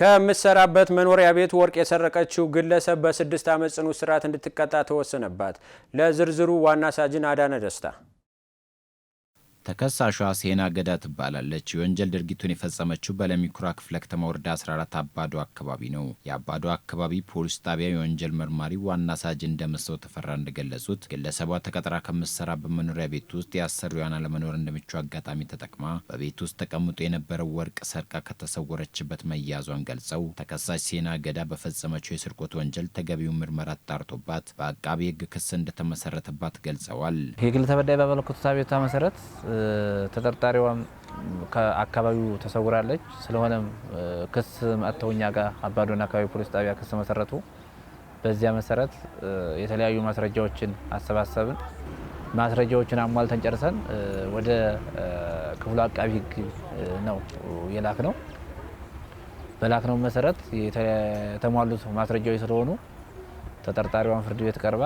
ከምትሰራበት መኖሪያ ቤት ወርቅ የሰረቀችው ግለሰብ በስድስት ዓመት ጽኑ እስራት እንድትቀጣ ተወሰነባት። ለዝርዝሩ ዋና ሳጅን አዳነ ደስታ ተከሳሿ ሴና ገዳ ትባላለች። የወንጀል ድርጊቱን የፈጸመችው በለሚኩራ ክፍለ ከተማ ወረዳ 14 አባዶ አካባቢ ነው። የአባዶ አካባቢ ፖሊስ ጣቢያ የወንጀል መርማሪ ዋና ሳጅ እንደመሰው ተፈራ እንደገለጹት ግለሰቧ ተቀጥራ ከምትሰራበት በመኖሪያ ቤት ውስጥ የአሰሪዋን አለመኖር እንደምቹ አጋጣሚ ተጠቅማ በቤት ውስጥ ተቀምጦ የነበረው ወርቅ ሰርቃ ከተሰወረችበት መያዟን ገልጸው ተከሳሽ ሴና ገዳ በፈጸመችው የስርቆት ወንጀል ተገቢውን ምርመራ ተጣርቶባት በአቃቢ ሕግ ክስ እንደተመሰረተባት ገልጸዋል። የግል ተበዳይ ባመለከቱት አቤቱታ መሰረት ተጠርጣሪዋም ከአካባቢው ተሰውራለች። ስለሆነም ክስ መጥተው እኛ ጋር አባዶን አካባቢ ፖሊስ ጣቢያ ክስ መሰረቱ። በዚያ መሰረት የተለያዩ ማስረጃዎችን አሰባሰብን። ማስረጃዎችን አሟልተን ጨርሰን ወደ ክፍሉ አቃቢ ህግ ነው የላክ ነው። በላክ ነው መሰረት የተሟሉት ማስረጃዎች ስለሆኑ ተጠርጣሪዋን ፍርድ ቤት ቀርባ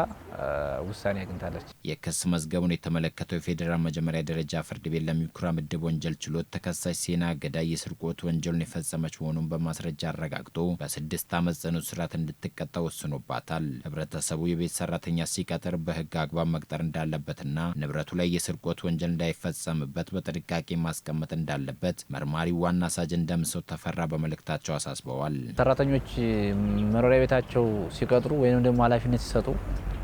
ውሳኔ አግኝታለች። የክስ መዝገቡን የተመለከተው የፌዴራል መጀመሪያ ደረጃ ፍርድ ቤት ለሚኩራ ምድብ ወንጀል ችሎት ተከሳሽ ሴና ገዳይ የስርቆት ወንጀሉን የፈጸመች መሆኑን በማስረጃ አረጋግጦ በስድስት ዓመት ጽኑ እስራት እንድትቀጣ ወስኖባታል። ህብረተሰቡ የቤት ሰራተኛ ሲቀጥር በህግ አግባብ መቅጠር እንዳለበትና ንብረቱ ላይ የስርቆት ወንጀል እንዳይፈጸምበት በጥንቃቄ ማስቀመጥ እንዳለበት መርማሪ ዋና ሳጅን ደምሰው ተፈራ በመልእክታቸው አሳስበዋል። ሰራተኞች መኖሪያ ቤታቸው ሲቀጥሩ ወይም ደግሞ ኃላፊነት ሲሰጡ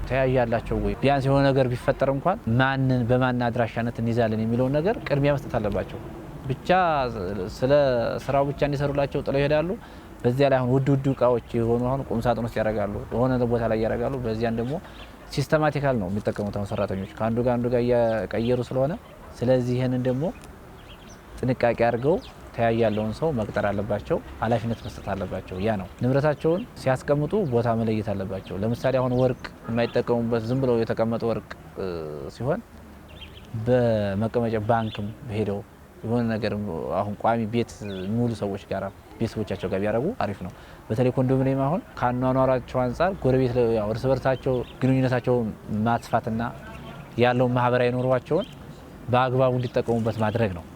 ተያያላቸው ወይ ቢያንስ የሆነ ነገር ቢፈጠር እንኳን ማንን በማን አድራሻነት እንይዛለን የሚለውን ነገር ቅድሚያ መስጠት አለባቸው። ብቻ ስለ ስራው ብቻ እንዲሰሩላቸው ጥለው ይሄዳሉ። በዚያ ላይ አሁን ውድ ውድ እቃዎች የሆኑ አሁን ቁም ሳጥን ውስጥ ያደርጋሉ፣ የሆነ ቦታ ላይ ያደርጋሉ። በዚያን ደግሞ ሲስተማቲካል ነው የሚጠቀሙት አሁን ሰራተኞች ከአንዱ ጋር አንዱ ጋር እያቀየሩ ስለሆነ ስለዚህ ይህንን ደግሞ ጥንቃቄ አድርገው ተያይ ያለውን ሰው መቅጠር አለባቸው፣ ኃላፊነት መስጠት አለባቸው። ያ ነው ንብረታቸውን ሲያስቀምጡ ቦታ መለየት አለባቸው። ለምሳሌ አሁን ወርቅ የማይጠቀሙበት ዝም ብለው የተቀመጠ ወርቅ ሲሆን በመቀመጫ ባንክም ሄደው የሆነ ነገር አሁን ቋሚ ቤት የሚውሉ ሰዎች ጋር ቤተሰቦቻቸው ጋር ቢያደርጉ አሪፍ ነው። በተለይ ኮንዶሚኒየም አሁን ከአኗኗራቸው አንጻር ጎረቤት እርስ በርሳቸው ግንኙነታቸው ማስፋትና ያለውን ማህበራዊ ኑሯቸውን በአግባቡ እንዲጠቀሙበት ማድረግ ነው።